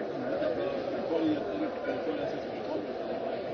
right?